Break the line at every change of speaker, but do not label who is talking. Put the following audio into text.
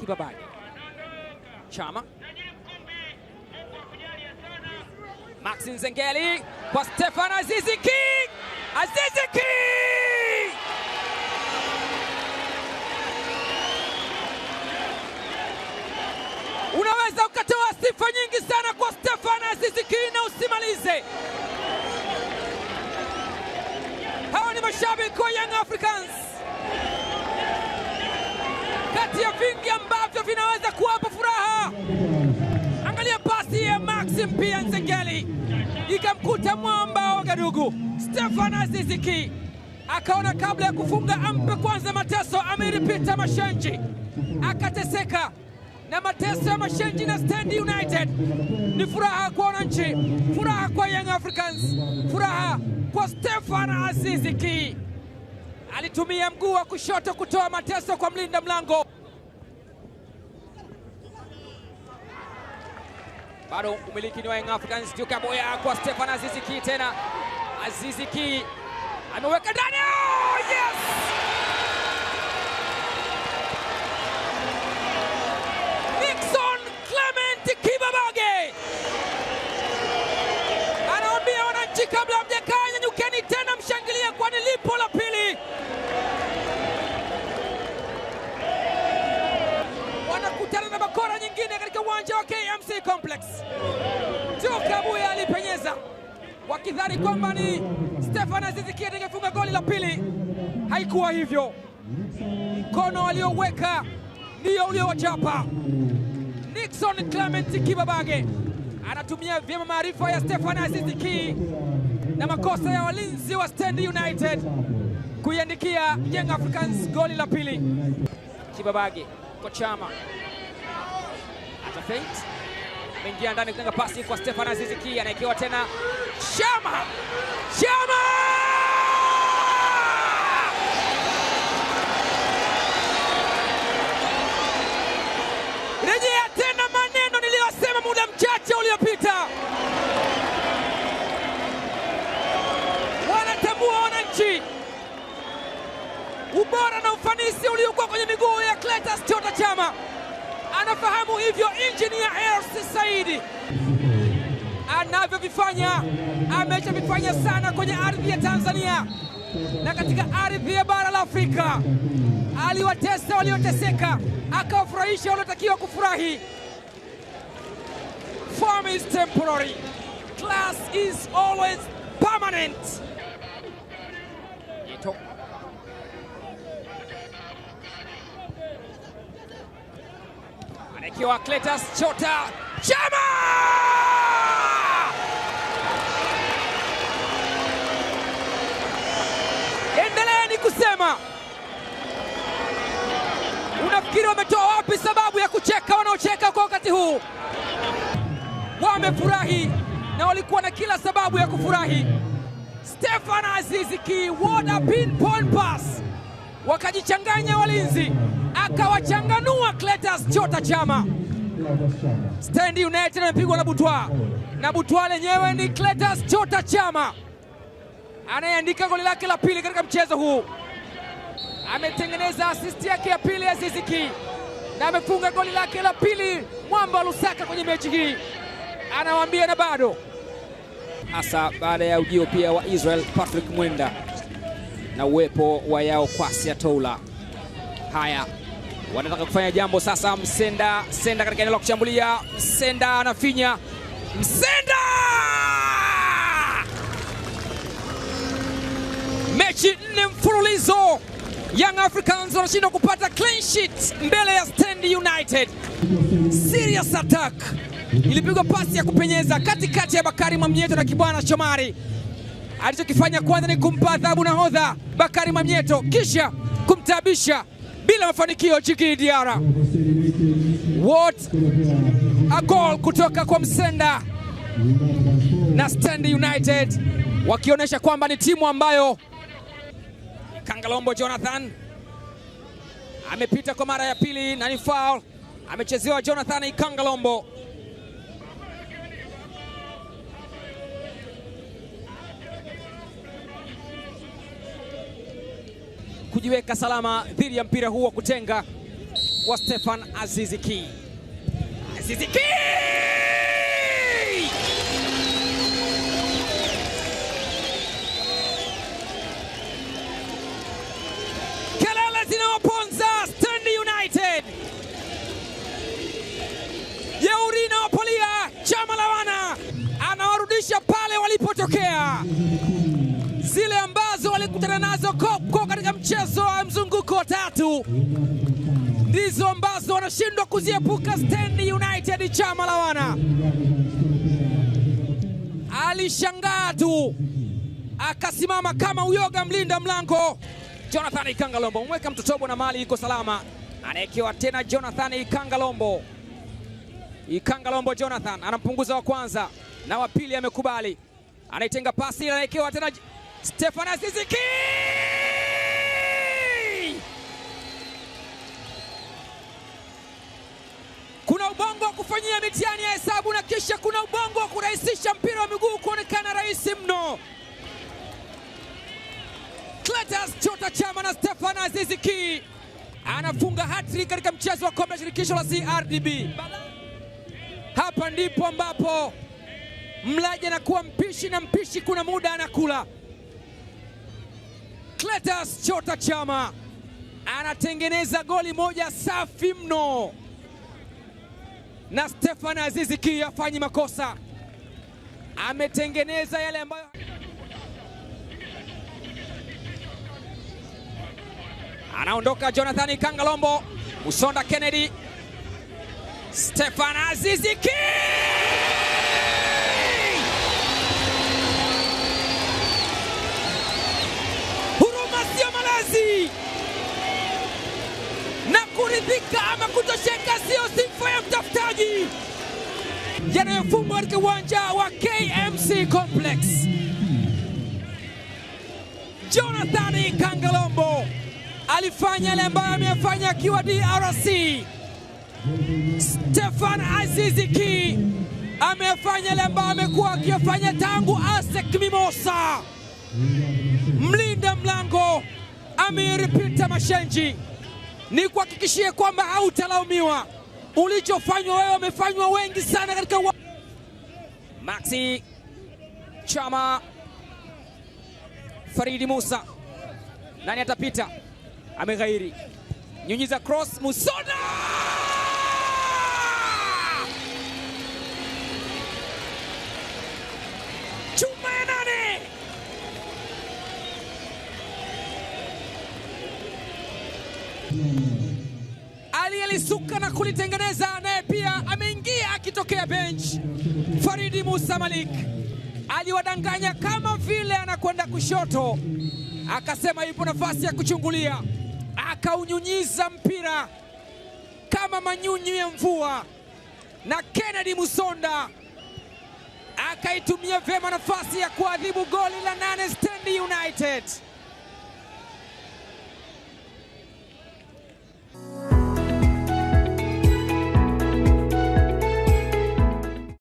kipa Kibabani. Chama Maxi Nzengeli kwa Stefan Azizi King. Azizi King! Unaweza ukatoa sifa nyingi sana kwa Stefan Azizi King na usimalize. Hawa ni mashabiki wa Young Africans kati ya vingi ambavyo vinaweza kuwapa furaha. Angalia pasi ya Maxim pia Nzengeli ikamkuta mwamba wa Gadugu Stefan Aziziki, akaona kabla ya kufunga ampe kwanza mateso Amiri Peter Mashenji, akateseka na mateso ya Mashenji na Stand United. Ni furaha kwa wananchi, furaha kwa Young Africans, furaha kwa Stefan Aziziki. Alitumia mguu wa kushoto kutoa mateso kwa mlinda mlango. bado umiliki ni wa Young Africans. Duke Aboya kwa Stefan Azizi Ki, tena Azizi Ki ameweka ndani. Oh, yes! Nixon Clement Kibabage anaambia wananchi, kabla hamjakaa, nyanyukeni tena mshangilie, kwani lipo la pili. Wanakutana na bakora nyingine katika uwanja wa ni complex, sio klabu ya alipenyeza, wakidhani kwamba ni Stefan Aziz Ki atakayefunga goli la pili. Haikuwa hivyo, mkono aliyoweka ndio uliowachapa. Nixon Clement Kibabage anatumia vyema maarifa ya Stefan Aziz Ki na makosa ya walinzi wa Stand United kuiandikia Young Africans goli la pili. Kibabage kochama ata feint ameingia ndani kutenga pasi kwa Stefan Aziz Ki, anaekewa tena Chama Chama rejea tena maneno niliyosema muda mchache uliopita. Wanatambua wananchi ubora na ufanisi uliokuwa kwenye miguu ya Clatous Chota Chama anafahamu hivyo injinia Hersi Saidi anavyovifanya, ameshavifanya sana kwenye ardhi ya Tanzania na katika ardhi ya bara la Afrika. Aliwatesa walioteseka, akawafurahisha waliotakiwa kufurahi. Form is temporary, class is always permanent. akiwa Cletus Chota Chama! ni kusema, unafikiri wametoa wapi sababu ya kucheka? Wanaocheka kwa wakati huu wamefurahi na walikuwa na kila sababu ya kufurahi. Stefan Aziz Ki, what a pinpoint pass! Wakajichanganya walinzi akawachanganu Cletus Chota Chama. Stand United amepigwa na Butwa na Butwa lenyewe ni Cletus Chota Chama anayeandika goli lake la pili katika mchezo huu. Ametengeneza asisti yake ya pili ya Ziziki na amefunga goli lake la pili mwamba Lusaka kwenye mechi hii, anawaambia na bado hasa baada ya ujio pia wa Israel Patrick Mwenda na uwepo wa Yao Kwasi Atoula. Haya wanataka kufanya jambo sasa. Msenda Senda katika eneo la kushambulia, Msenda anafinya, Msenda mechi nne mfululizo Young Africans wanashindwa kupata clean sheet mbele ya Stand United. Serious attack ilipigwa pasi ya kupenyeza katikati ya Bakari Mamnyeto na Kibwana Shomari. Alichokifanya kwanza ni kumpa adhabu nahodha Bakari Mamnyeto, kisha kumtaabisha bila mafanikio. Jiki Diara What a goal kutoka kwa Msenda na Stand United wakionyesha kwamba ni timu ambayo Kangalombo Jonathan amepita kwa mara ya pili na ni foul amechezewa Jonathan Kangalombo. kujiweka salama dhidi ya mpira huu wa kutenga wa Stefan Azizi Ki. Kelele zinawaponza Stand United. Jeuri inawapolia chama la wana, anawarudisha pale walipotokea, zile ambazo walikutana nazo mchezo wa mzunguko wa tatu ndizo ambazo wanashindwa kuziepuka Stand United chama la wana. Alishangaa tu akasimama kama uyoga mlinda mlango. Jonathan Ikangalombo mweka mtotobo na mali iko salama, anaekewa tena Jonathan Ikangalombo. Ikangalombo Jonathan anampunguza wa kwanza na wa pili amekubali, anaitenga pasi, anaekewa tena Stefanas ubongo wa kufanyia mitihani ya hesabu na kisha kuna ubongo wa kurahisisha mpira wa miguu kuonekana rahisi mno. Clatous Chota Chama na Stefan Aziz Ki anafunga hattrick katika mchezo wa kombe la shirikisho la CRDB. Hapa ndipo ambapo mlaji anakuwa mpishi na mpishi kuna muda anakula. Clatous Chota Chama anatengeneza goli moja safi mno na Stefan Azizi Ki hafanyi makosa, ametengeneza yale ambayo anaondoka. Jonathan Kangalombo, Musonda Kennedy, Stefan Azizi Ki huruma sio malazi kuridhika ama kutosheka sio sifa ya mtafutaji yanayofungwa katika uwanja wa KMC Complex. Jonathan Kangalombo alifanya yale ambayo ameyafanya akiwa DRC. Stefan Aziziki Ki ameyafanya yale ambayo amekuwa akiyafanya tangu ASEC Mimosa. Mlinda mlango Amiri Mashenji ni kuhakikishie kwamba hautalaumiwa. Ulichofanywa wewe wamefanywa wengi sana katika wa... Maxi Chama, Faridi Musa, nani atapita? Ameghairi, nyunyiza cross, Musona kulisuka na kulitengeneza, naye pia ameingia akitokea bench Faridi Musa Malik aliwadanganya kama vile anakwenda kushoto, akasema ipo nafasi ya kuchungulia, akaunyunyiza mpira kama manyunyu ya mvua, na Kennedy Musonda akaitumia vyema nafasi ya kuadhibu goli la nane Stand United.